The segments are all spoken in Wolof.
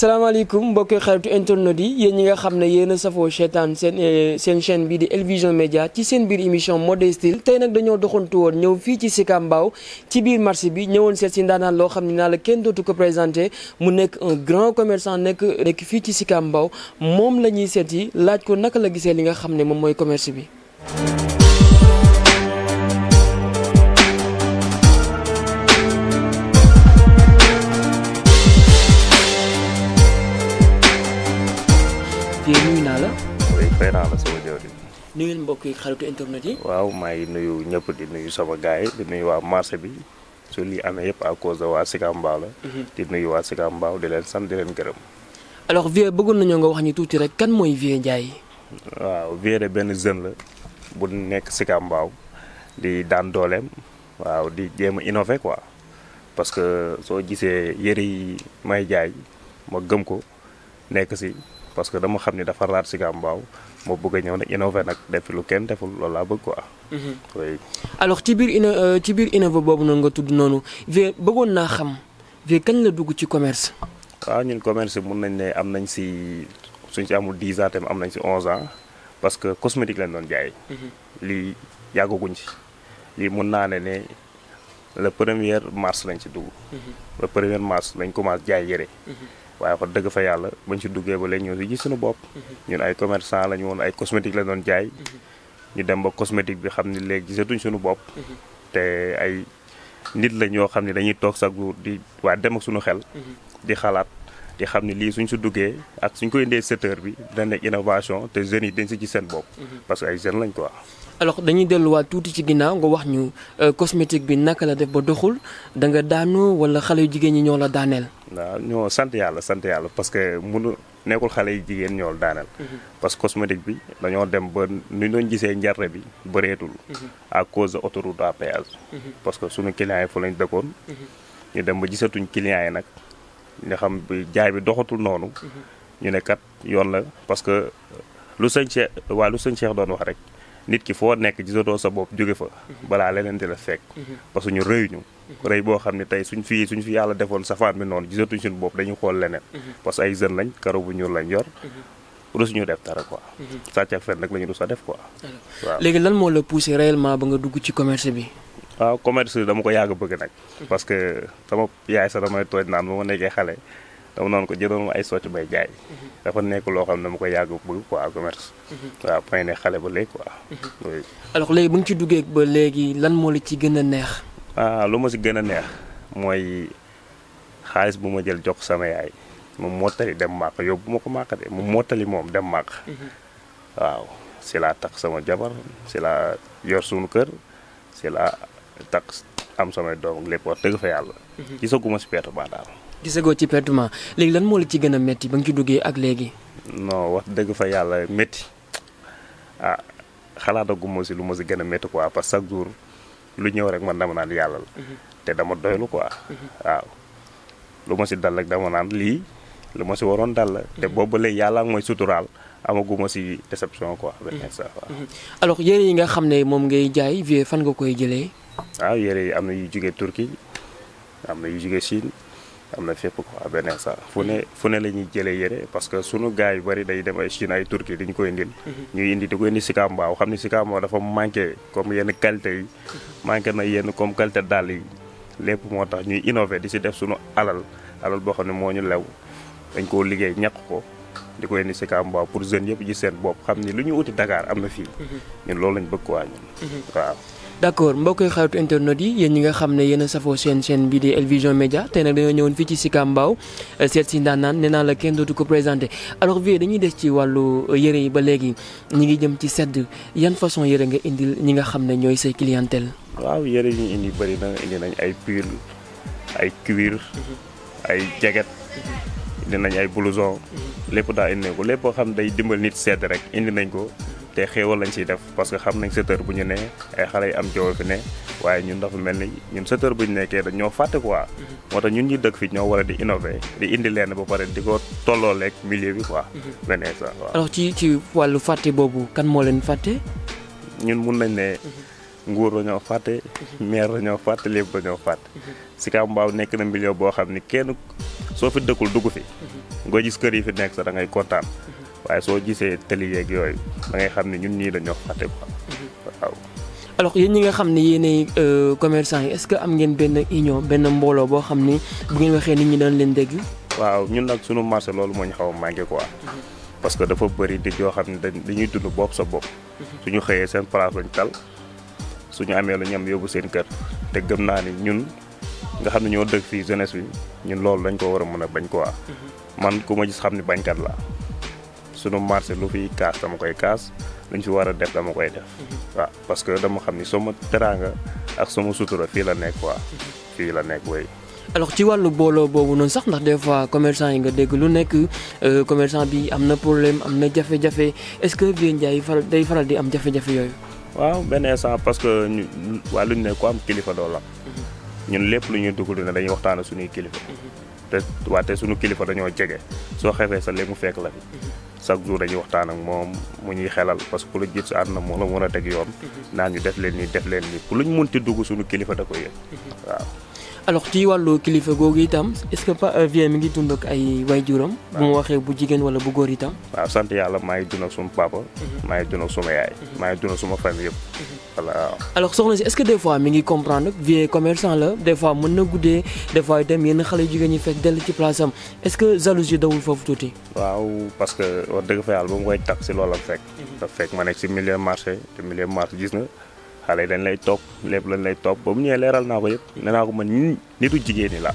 salaamaaleykum mbokki xaritu internet yi yéen ñi nga xam ne yéen a safoo seetaan seen eh, seen chaîne bii di El Média ci seen biir émission mode style tey nag dañoo doxantu woon ñëw fii ci Sicap Mbao ci biir marché bi ñëwoon seet si ndaanaan loo xam ne naa la kenn dootu ko présenté mu nekk un grand commerçant nekk nekk fii ci Sicap Mbao moom la ñuy seet yi laaj ko naka la gisee li nga xam ne moom mooy commerce bi fay naa la sama jaww ji. mbokk yi xaritu internet yi. waaw maa ngi nuyu ñëpp di nuyu sama gars yi di nuyu waa marché bi su lii amee yëpp à cause de waa Sicap Mbao la. Mhm. di nuyu waa Sicap Mbao di leen sant di leen gërëm. alors Vieux bëggoon nañoo nga wax ni tuuti rek kan mooy Vieux Ndiaye. waaw Vieux de benn jeune la bu nekk Sicap Mbao di daan dooleem waaw di jéem a innover quoi parce que soo gisee yére yi may jaay ma gëm ko. nekk parce que dama xam ni dafa raar moo bëgg a ñëw innové nag def lu kenn deful quoi. Mhm. alors ci biir euh, ci biir innové euh, boobu noonu nga xam la dugg commerce. Ah, ñun commerce nañ am nañ 10 ans 11 ans parce que cosmétique lañ doon jaay. ci mhm. li le premier mars lañ ci dugg. Mhm. le premier mars lañ commence jaay waaye wax dëgg fa yàlla bañ si duggee ba léegi ñoo si gis suñu bopp. ñun ay commerçant lañu woon ay cosmétique la doon jaay. ñu dem ba cosmétique bi xam ne léegi gisatuñ sunu bopp. te ay nit la ñoo xam ne dañuy toog sax di waa dem ak suñu xel. di xalaat. di xam ne lii suñ si duggee ak suñ ko indee secteur bi dana nekk innovation te jeunes yi dañ si ci seen bopp. Mhm. parce que ay jeunes lañ quoi. alors dañuy delluwaat tuuti ci ginnaaw nga wax ñu euh, cosmétique bi naka la def ba doxul da nga daanu wala xale yu jigéen ñi ñoo la daaneel. waaw ñoo sant yàlla sant yàlla parce que munu nekkul xale yu jigéen ñoo la daaneel. Mhm. parce que cosmétique bi dañoo dem ba ni doon gisee njarte bi bëreetul. Mhm. à cause de autoroute à péage. yi nga xam bi jaay bi doxatul noonu. Mhm. ñu ne kat yoon la parce que lu sëñ Cheikh waa lu sëñ Cheikh doon wax rek nit ki foo nekk gisatoo sa bopp jóge fa. Mhm. balaa leneen di la fekk. Mhm. parce ñu rëy ñu. rëy boo xam ne tey suñ fii suñ fi yàlla defoon safaan bi noonu gisatuñ suñu bopp dañu xool leneen. parce que ay jeunes lañ karaw bu ñuul lañ yor. rus ñu def dara quoi. sàcc ak fen nag la ñu rus a def ko waa léegi lan moo la poussé réellement ba nga dugg ci commerce bi. waaw commerce dama ko yàgg bëgg nag parce que sama yaay sax damay tooj naan ba ma nekkee xale dama noonu ko jëloon ma ay socc bay jaay dafa nekk loo xam ne dama ko yàgg bëgg quoi commerce waaw may ne xale ba léegi quoi alors léegi bu nga ci duggee ba léegi lan moo la ci gën a neex ah lu ma si gën a neex mooy xaalis bu ma jël jox sama yaay moom mottali dem màq yóbbu ma ko màq de moom mottali moom dem màq waaw si laa tax sama jabar si laa yor suñu kër si laa tak am samay dong lépp wax dëgg fa yàlla gisaguma si pertement daal gisagoo ci pertement léegi lan moo la ci gën a métti ci duggee ak non wax fa ah xalaataguma si lu ma si gën a métti quoi parce que chaque jour lu ñëw rek man dama naan yàlla la mhm. dama doylu quoi mhm. waaw lu ma si dal rek dama naan lii lu si waroon dal la te mhm. boobu léegi yàlla mooy amaguma si déception quoi avec ça alors yi nga xam ne ngay jaay vieux fan nga koy waaw ah, yére yi am na yu jóge Turquie am na yu jóge Chine am na fépp quoi beneen sax fu ne fu ne la ñuy jëlee yére parce que sunu gars yu bari day dem ay Chine ay Turquie di ñu koy indil. Mhm. ñuy indi di ko indi Sicap Mbao xam ne Sicap Mbao dafa comme yenn qualité mhm. manqué na yenn comme qualité dàll lépp moo tax ñuy innové di si def sunu alal alal boo xam ne moo ñu lew dañ koo liggéey ñàkk ko di ko indi Sicap Mbao pour jeunes yëpp gis seen bopp xam ni lu ñu uti Dakar am na fii. Mhm. ñun loolu lañ bëgg waa ñun waaw. d'accord mbokk yi xaritu internet yi yéen ñi nga xam ne yéen a safoo seen chaîne bii di Elvision Média tey nag dañoo ñëwoon fii ci Sicap Mbao eh, seet si ndaanaan nee naa la kenn dootu ko présenté alors vie dañuy des ci wàllu eh, yëre yi ba léegi ñi ngi jëm ci sedd yan façon yëre nga indil ñi nga xam ne ñooy say clientèle waaw yëre yi ñu indi bëri na indi nañ ay pull ay cuir ay jacket indi nañ ay blouson lépp daa indi nañ ko lépp boo xam day dimbal nit sedd rek indi nañ ko te xéewal lañ ciy def parce que xam nañ secteur bu ñu nee ay xale yu am joow fi ne waaye ñun dafa mel ni ñun secteur bu ñu nekkee dañoo fàtte quoi. Mm-hmm. moo tax ñun ñuy dëkk fi ñoo war a di innover di indi lenn ba pare di ko tolloo lekk milieu bi quoi. Mm-hmm. benn instant waaw. alors ci ci wàllu fàtte boobu kan moo leen fàtte. ñun mun nañ ne. Mm-hmm. nguur dañoo fàtte. maire dañoo fàtte lépp dañoo fàtte. Sicap mbaaw nekk na milieu boo xam ni kenn soo fi dëkkul dugg fi. nga gis kër yi fi nekk sax da ngay kontaan. waaye soo gisee tëli yeeg yooyu da ngay xam ne ñun ñii dañoo fàtte quoi waaw. alors yéen ñi nga xam ne yéenay euh, commerçant yi est-ce que am ngeen benn union benn mbooloo boo xam ni bu ngeen waxee nit ñi daan leen dégg. waaw ñun nag sunu marché loolu moo ñu xaw a manqué parce que dafa bëri di yoo xam ne dañuy dund bopp sa bopp. ñu xëyee seen place lañ tal ñu amee lu ñam yóbbu seen kër te gëm naa ni ñun nga xam ne ñoo dëkk fii jeunesse bi ñun loolu dañ ko war a mën a bañ quoi. Mhm. man ku ma gis xam ne bañkat la sunu marché lu fiy kaas dama koy kaas lu ñu fi war a def dama koy def. Mhm. waaw parce que dama xam ni sama teranga ak sama sutura fii la nekk quoi. Mhm. fii la nekk way alors ci wàllu booloo boobu noonu sax ndax des fois commerçant yi nga dégg lu nekk euh, commerçant bi am na problème am na jafe-jafe est-ce que Vieux Ndiaye faral day faral di am jafe-jafe yooyu. waaw benn instant parce que ñu waa lu ñu ne ko am kilifa doo la mhm. ñun lépp lu ñuy dugg ne dañuy waxtaan suñuy kilifa. te waate suñu kilifa dañoo jege soo xefee sa léegi mu fekk la fi. chaque jour dañuy waxtaan ak moom mu ñuy xelal parce que ku la jiit si àdduna moo la mën a teg yoon mhm. naa ñu def leen nii def leen nii pour lu ñu munti dugg suñu kilifa da ko yëg mhm. waaw alors ci walu kilifa gogui tam est-ce que Pa Vieux mi ngi dund ak ay waajuram. bu mu waxee bu jigen wala bu góor itam. waaw sante yalla maa ngi dund ak suma papa. Mhm. maa ngi dund ak suma yaay. Mhm. maa ngi dund ak suma famille yëpp. Mhm. voilà alors soxna ci est-ce que des fois mi ngi comprendre Vieux commerçant la des fois mën na guddee des fois dem yenn xalé jigen ñi fek del ci place am est-ce que jalousie dawul fofu touti waaw parce que wa dëgg fa yàlla bu mu koy takk si loolu fek fekk. dafa fekk ma milieu marché te milieu marché gis na. xale yi dañ lay topp lépp lañ lay topp ba mu ñëwee leeral naa ko yëpp nee naa ko man nitu jigéen ñi la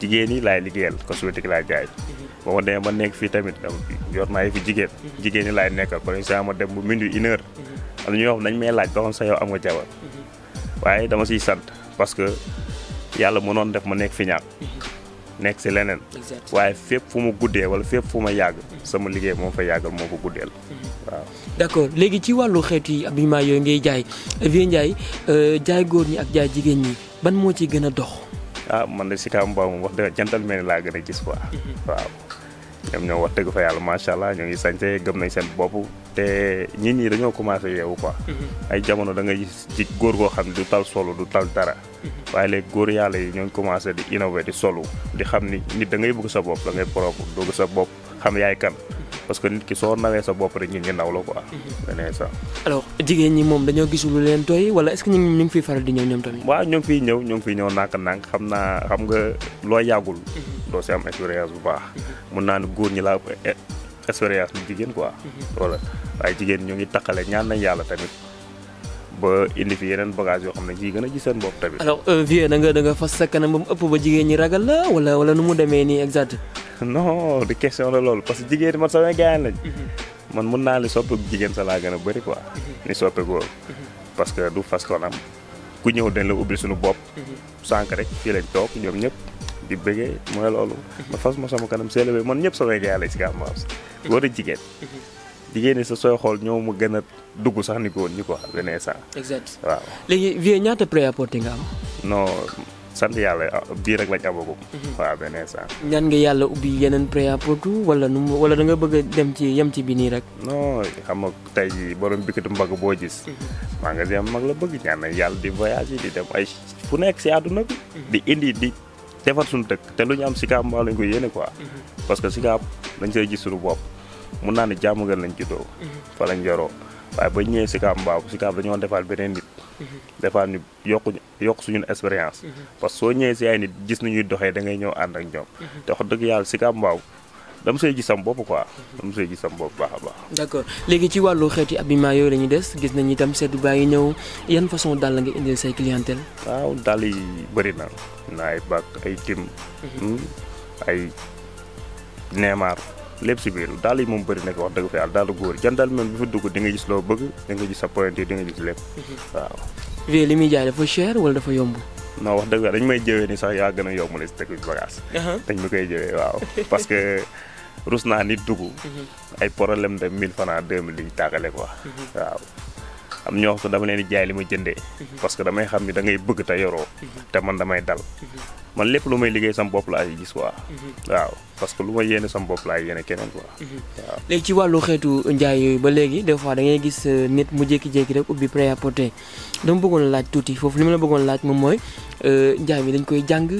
jigéen yi laay liggéeyal cosmétique laay jaay mhm. ba ma demee ma nekk fii tamit dama yor naa yi fi jigéen mhm. jigéen ñi laay nekkal par exemple ma dem bu minuit une heure mhm. am na ñoo xam nañ may laaj ba xam sax yow am nga jabar waaye dama siy sant parce que yàlla mënoon def ma nekk fi ñaar nekk si leneen. waaye fépp fu mu guddee wala fépp fu ma yàgg. sama liggéey moom fa yàggal moo guddee guddeel. Mhm. waaw d'accord léegi ci wàllu xeetu habillement yooyu ngay jaay Vieux Ndiaye euh, jaay góor ñi ak jaay jigéen ñi ban moo ci gën a dox. ah man de si Kamba moom wax dëgg jantal mel ni laa gën a gis quoi mhm. waaw. ñom ñoo wax dëgg fa ma sha allah ñoo ngi sañte gëm nañ seen bop te nit ñi dañoo commencé yewu quoi ay jamono da nga gis ci goor go xamni du tal solo du tal dara waye léegi goor yalla yi ñoo ngi commencé di innover di solo di xamni ni nit da ngay bëgg sa bop da ngay propre dugg sa bop xam yaay kan parce que nit ki so nawé sa bop rek nit ñi naw la quoi dañé sa alors jigéen ñi mom dañoo gisul lu leen toy wala est ce que ñu ngi fiy faral di ñew ñom tamit wa ñoo ngi fiy ñëw ñoo ngi fiy ñëw nànk xam xam nga lo yagul mm-hmm do ci am experience bu baax mun naa goor ñi la experience eh, bu jigen quoi wala ay jigen ñu ngi taqale ñaan nañ yalla tamit ba indi fi yeneen bagage yoo xam ne ciy gën a gis seen bopp tamit alors vieux da nga da nga fas sa kanam ba mu ëpp ba jigéen ñi ragal la wala wala nu mu demee nii exact non de question la loolu parce que jigéen man sama gaayaan lañ man mun naa ni soppeeku jigéen sa laa gën a bëri quoi ni soppeeku parce que du fas konam ku ñëw dañ la ubbil suñu bopp sànq rek fii lañ toog ñoom ñëpp di bëggee moy lolu ma fas ma sama kanam séelé man ñëpp sama gaay la ci Casamance góor jigen jigen ni sa soy xol ñoo mu gëna dugg sax ni góor ñi wax beneen sa exact waaw léegi vie ñaata pré apporté nga am non sant yalla bi rek ci abogu mhm. waaw beneen sa ñan nga yàlla ubbi yeneen pré apporté wala nu wala da nga bëgg dem ci yam ci bi ni rek non xam nga tey jii borom bikkatu mbagg bo gis dem mhm. mag la bëgg ñaan yalla di voyage di dem ay fu nek ci aduna bi mhm. di indi di defar suñu dëkk te lu ñu am Sicap Mbao lañ ko yéene quoi. Mhm. parce que Sicap dañ see gis suñu bopp mun naa ne jàmm gën lañ juddoo. Mhm. fa lañ yoroo waaye ba ñëwee Sicap Mbao Sicap dañoo defaat beneen nit. Mhm. defaat ñu yokku yokk suñu expérience. parce que soo ñëwee si ay nit gis nu ñuy doxee da ngay ñëw ànd ak ñoom. te wax dëgg yàlla Sicap Mbao dama sey gis sam bopp quoi dama sey gis sam bopp baax baax d'accord léegi ci wàllu xeeti abima yooyu la ñuy gis nañ itam seetu bàyyi ñëw yan façon dàll nga indil say clientèle waaw dàll yi bëri na na bak ay tim mhm. hmm? ay neemar lépp si biir daal yi moom bëri nekk wax deug fa yàlla daal jan daal même bi fa dugg di nga gis loo bëgg di nga gis sa point di nga gis lépp waaw jaay dafa cher wala dafa yomb non wax dañ may jëwé ni sax ya gëna yomb la bagage dañ ma koy jëwé waaw parce que rus naa nit dugg. Mhm. ay problème de 1000 francs 2000 duñ tàggale quoi. Mhm. waaw am ñoo xam dama leen di jaay li ma jëndee. Mhm. parce que damay xam ni da ngay bëgg te yoroo. te man damay dal. man lépp lu may liggéey sama bopp laa ci gis quoi. waaw parce que lu ma yéene sama bopp laay yéene keneen quoi. waaw léegi ci wàllu xeetu njaay yooyu ba léegi des fois da ngay gis euh, nit mu jékki-jékki rek ubbi prêt-à-porter dama bëggoon laaj tuuti foofu li ma la bëggoon laaj moom mooy euh, njaay mi dañ koy jàng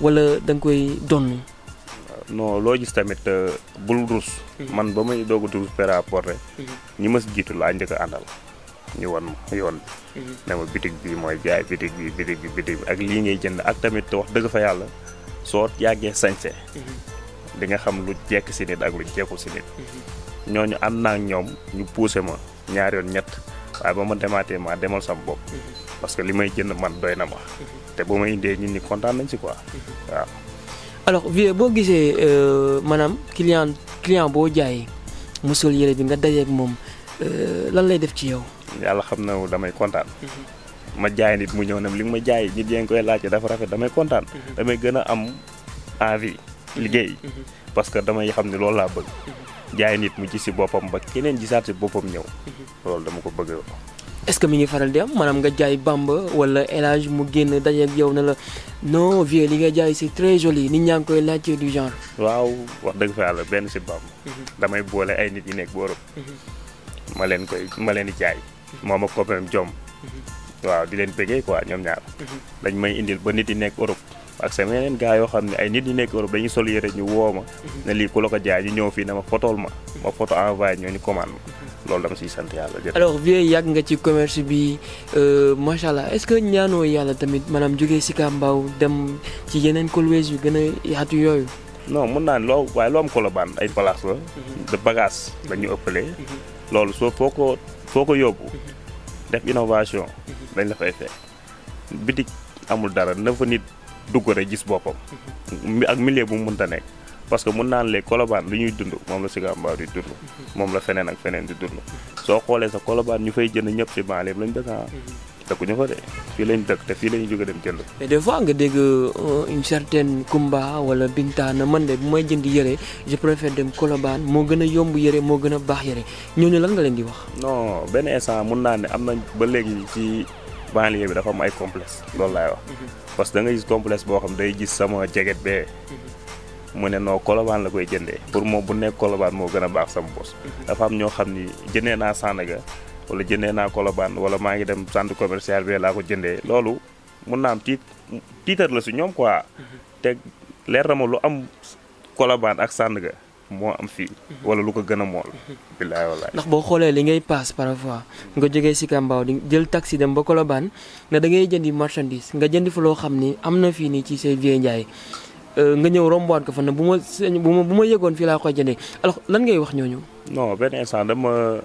wala da koy donn non loo gis tamit euh, bul rus. Mhm. man ba may doog a dugg prêt à mhm. ñi ma si jiitu laa njëkk a àndal ñu wan yoon bi. Mhm. ne ma bitig bii mooy jaay bitig bi bitig bi ak lii ngay jënd ak tamit wax dëgg fa yàlla soo yàggee sañse di nga xam lu jekk si nit ak lu jekkul si nit. ñooñu ànd naa ak ñoom ñu poussé ma ñaar yoon ñett waaye ba ma demaatee ma demal sama bopp. parce que li may jënd man doy na ma. te bu ma indee nit ñi kontaan nañ si quoi waaw. alors vieux boo gisee euh, maanaam client client boo jaayee mosul yëre bi nga dajeeg moom euh, lan lay def ci yow. yàlla xam na damay kontaan. Mhm. ma jaay nit mu ñëw ne li nga ma jaay nit yaa ngi koy laajte dafa rafet damay kontaan. Mhm. damay gën a am envie mhm. liggéey. parce que damay xam ne loolu laa bëgg. jaay nit mu gis si boppam ba keneen gisaat si boppam ñëw. loolu dama ko bëgg est-ce que mi ngi faral di am maanaam nga jaay bàmb wala élage mu génn dajeeg yow na la non vieux li nga jaay c'est très joli nit ñaa ngi koy laajte du genre. waaw wax dëgg fa yàlla benn si Bamba. Mhm. damay boole ay nit yu nekk borom. Mhm. ma leen koy ma leen di jaay. Mhm. moom ma copain jom. waaw di leen bëggee quoi ñoom ñaar. dañ may indil ba nit yi nekk Europe. ak sama yeneen gars yoo xam ne ay nit yu nekk Europe dañuy sol yére ñu woo ma. lii ku la ko jaay ñu ñëw fii ne ma fotool ma. ma ñoo ñu commande loolu dama siy sant yàlla jërëjëf. alors vieux yàgg nga ci commerce bi euh, macha est-ce que ñaanoo yàlla tamit maanaam jógee Sicap Mbao dem ci yeneen colwees yu gën a yaatu yooyu. non mun naa ne loo waaye loo am Colobane ay place la. Mhm. de bagage la mhm. loolu soo foo ko foo ko yóbbu. Mhm. def innovation. dañ la fay fekk amul dara na fa nit dugg rek gis boppam. ak milieu bu mu mënta nekk. parce que mun naa léegi Colobane li ñuy dund moom la Sicap di dund mhm. moom la feneen ak feneen di dund soo xoolee sa Colobane ñu fay jënd ñëpp ci banlieue lañ dëkk ah mhm. dëkku ñu fa de fii lañ dëkk te fii la ñu jóge dem jënd mais des fois nga dégg euh, une certaine Kumba wala Bintaana man de bu may jënd yëre je préfère dem Colobane moo gën a yomb yëre moo gën a baax yëre ñooñu lan nga leen di wax non benn instant mun naa ne am nañ ba léegi ci banlieue bi dafa ay complexe loolu laay wax mhm. parce que da nga boo xam day gis sama jeget mu ne noo kolobaan la koy jëndee pour moom bu nekk kolobaan moo gën a baax sama bos dafa am ñoo xam ni jëndee naa Sandaga wala jëndee naa kolobaan wala maa ngi dem centre commercial bi laa ko jëndee loolu mun naa am tiit tiitar si ñoom quoi mhm. te ma lu am kolobaan ak Sandaga moo am fii mhm. wala lu ko gën a mool mhm. bilaay walaay ndax boo xoolee li ngay paas parfois nga jógee si Kambaaw di jël taxi dem ba kolobaan ne da ngay jëndi marchandise nga jënd fa loo xam ni am na fii nii ci say Vieux Ndiaye Euh, nga ñëw rombaat ko fa ne bu ma seen bu ma bu ma yëgoon fii laa koy jëndee alors lan ngay wax ñooñu. non benn instant dama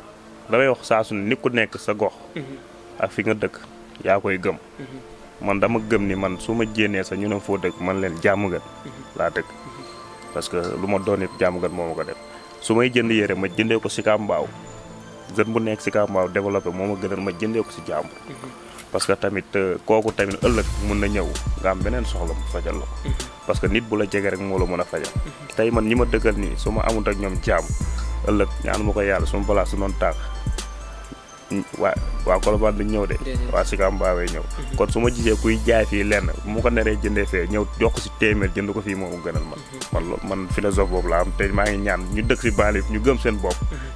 damay wax saa su ne ni ku nekk sa gox. Mhm. ak fi nga dëkk yaa koy gëm. Mhm. man dama gëm ni man su ma jéenee sa ñu ne foo dëkk man leen jàmm mhm. gan laa dëkk parce que lu ma doon jàmm gan moo ma ko def su may jënd yére ma jëndee ko si Kambaaw jeune bu nekk si Kambaaw développé moo ma gënal ma jëndee ko si jàmm. parce que tamit euh, kooku tamit ëllëg mun na ñëw nga am beneen soxla mu fajal la ko mhm. parce que nit bu la jege rek moo la mën a fajal mhm. tey man ñi ma dëkkal nii su ma amut ak ñoom jaam ëllëg ñaan ma ko yàlla suma balaa su noon taax waa waa Colobane duñ ñëw de waa Sika Mbaawee ñëw mhm. kon su ma gisee kuy jaay fii lenn mu ko neree jëndee fee ñëw jox ko si téeméer jënd ko fii moomu gënal man man loolu man philosophe boobu laa am te maa ngi ñaan ñu dëkk si ñu gëm seen bopp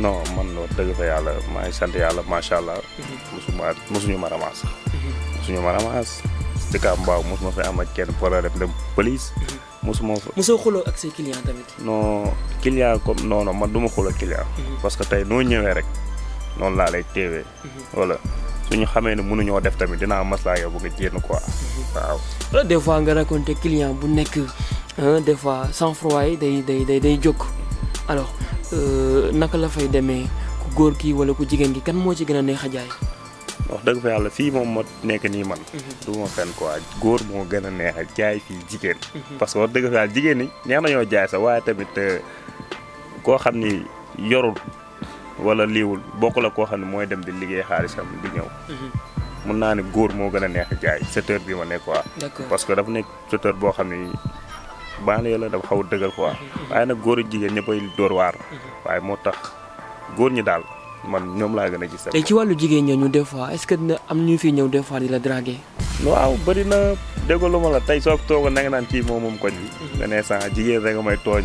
non man loolu maa ngi sant mhm. ma ramaas. mosuñu ma ramaas. si kaa mbaaw mosuma fi am ak kenn problème dem police. Mhm. mosuma fa mosoo xuloo ak say client tamit. non client comme non du ma xuloo client. Mhm. parce que tey noo ñëwee rek noonu laa lay teewee. wala suñu xamee ne mënuñoo def tamit dinaa maslaa yow bëgg a jéem quoi. waaw wala des fois nga raconté client bu nekk des fois sang day day day day jóg alors. Euh, naka la fay demee ku góor kii wala ku jigéen ki kan moo ci gën a neex a jaay. wax dëgg fa yàlla fii moom ma nekk nii man. Mhm. du ma fenn quoi góor moo gën a neex a jaay fii jigéen. Mhm. parce que wax dëgg fa yàlla jigéen ñi neex nañoo jaay sax waaye tamit euh, koo xam ni yorul walla liiwul bokk la koo xam ne mooy dem di liggéey xaalisam di ñëw. Mhm. mun naa ni góor moo gën a neex a jaay secteur bi ma nekk quoi. parce que dafa nekk secteur boo xam ni. baax na yàlla dafa xaw a dëgër quoi waaye nag góor ak jigéen ñëppay dóor waar waaye moo tax góor ñi daal man ñoom laa gën a gis. tey ci wàllu jigéen ñooñu des fois est-ce am ñu fi ñëw des fois di la draguer. waaw bëri na déglu ma la tey soo toogoon na nga naan kii moom moom koñ bi. Mhm. nga ne sax jigéen rek nga may tooñ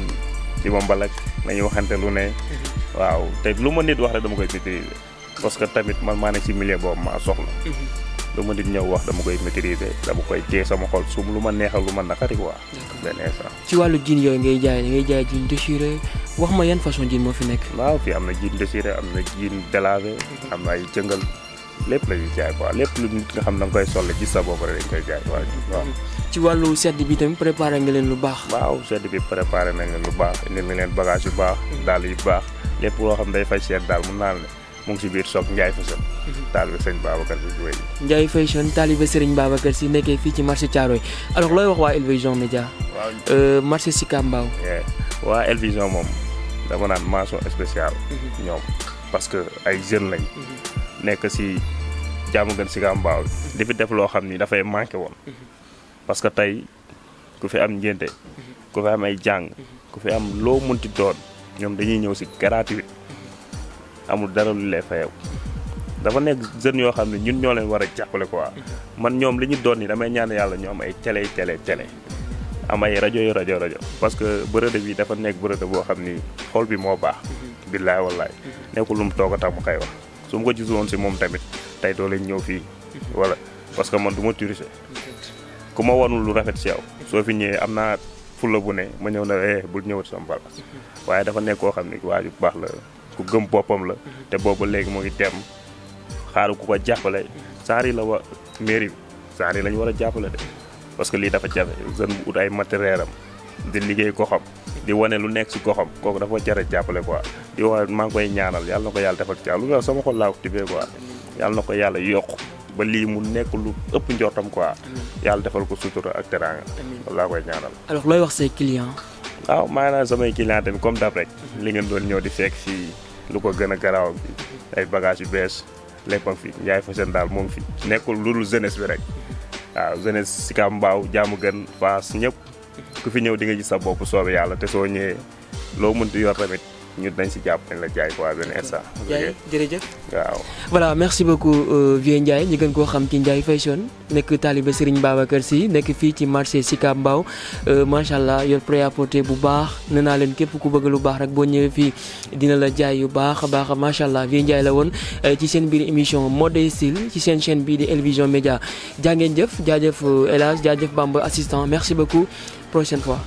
ci ma mbalak nañu waxante lu ne. Mhm. waaw te lu ma nit wax rek dama koy maîtriser. parce que tamit man maa ne ci milieu boobu maa soxla. Mhm. luma di ñew wax dama koy maîtriser dama koy téye sama xol sum luma ma neexal lu nakari quoi ben essa ci walu jin yoy ngay jaay ngay jaay jin déchiré wax ma yeen façon jin mo fi nek waaw fi amna jin déchiré am na jin délavé am na ay jëngal lepp la di jaay quoi lepp lu nit nga xam na nga koy sol ci sa bopp rek dañ koy jaay quoi ci walu sedd bi tam préparé nga len lu baax waaw sedd bi préparé nga len lu baax indi na bagage yu baax dal yu baax lepp lo xam day fay sedd dal mu nal mu ngi si biir soog Ndiaye Fashion taalibe Serigne Babacar Sy Diouf Ndiaye Fashion taalibe Serigne Babacar Sy nekkee fii ci marché Thiaroye alors looy wax waa El Vision Média waaw marché Sicap Mbao waa El Vision moom dama naan mention spéciale ñoom parce que ay jeunes lañ nekk si jaamu gën Sicap Mbao di fi def loo xam ni dafay manqué woon parce que tey ku fi am ngénte ku fi am ay jàng ku fi am loo munti doon ñoom dañuy ñëw si gratuit amul dara lu lay fayew dafa nekk jeunes yoo xam ne ñun ñoo leen war a jàppale quoi man ñoom li ñu doon ni damay ñaan yàlla ñoom ay télé télé télé am ay rajo yu rajo rajo parce que bërëb bi dafa nekk bërëb boo xam ni xool bi moo baax. billaay wallaay nekkul lu mu toog a tax mu koy wax su ma ko gis woon si moom tamit tey doo leen ñëw fii. wala parce que man du ma turiste. ku ma wanul lu rafet si yow. soo fi ñëwee am naa fulla bu ne ma ñëw na eh bul ñëwati sama palaas waaye dafa nekk koo xam ni waa ju baax la. ku gëm boppam la mhm. te boobu léegi mu ngi dem xaaru ku ko jàppale saar la wa mairie bi saar war a jàppale de parce que lii dafa jafe jeune bu ut ay matériel am di liggéey ko xam di wane lu nekk ci goxam kooku dafa jara jàppale quoi di ko yàlla defal ca lu nga sama xol laa ko tibee quoi ko yàlla yokk ba lii mu nekk lu ëpp njortam quoi yàlla defal ko sutura ak teraanga laa koy looy wax say client waaw maa ngi naan samay client tamit comme d'hab rek mhm. li ngeen doon ñëw di fekk fii lu ko gën a garaaw bi ay bagages yu bees lépp a fi Ndiaye Fashion daal moom fii nekkul lu dul jeunesse bi rek waaw jeunesse Sicap Mbao jaamu gën Fass ñëpp ku fi ñëw di nga gis sa bopp soobee yàlla te soo ñëwee loo mënti yor tamit. ñu dañ si jàpp la jaay quoi benn instant. jërëjëf waaw. voilà merci beaucoup euh, Vieux Ndiaye ñu gën koo xam ci Ndiaye Fashion nekk taalibe baaba Babacar si nekk fii ci marché Sicap Mbao euh, macha allah yor prêt à bu baax nee naa leen képp ku bëgg lu baax rek boo ñëwee fii dina la jaay yu baax a baax macha allah Vieux Ndiaye la woon euh, ci seen biir émission mode et style ci seen chaîne bii di Elvision Média jaa jëf jaajëf El Hadj jaajëf Bamba assistant merci beaucoup prochaine fois.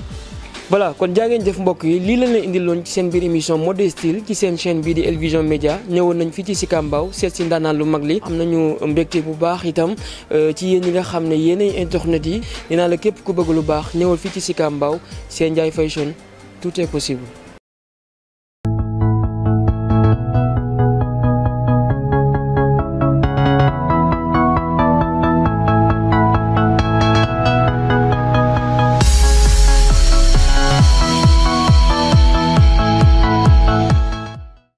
voilà kon jàngeen ngeen jëf mbokk yi lii leen indil loon ci seen biir émission mode et ci seen chaîne bii di El Vision Média ñëwoon nañ fii ci Sicap Mbao seet si ndaanaan lu mag li am nañu mbégte bu baax itam euh, ci yéen yi nga xam ne yéen ay internet yi dinaa la képp ku bëgg lu baax ñëwal fii ci Sicap Mbao seen Ndiaye Fashion tout est possible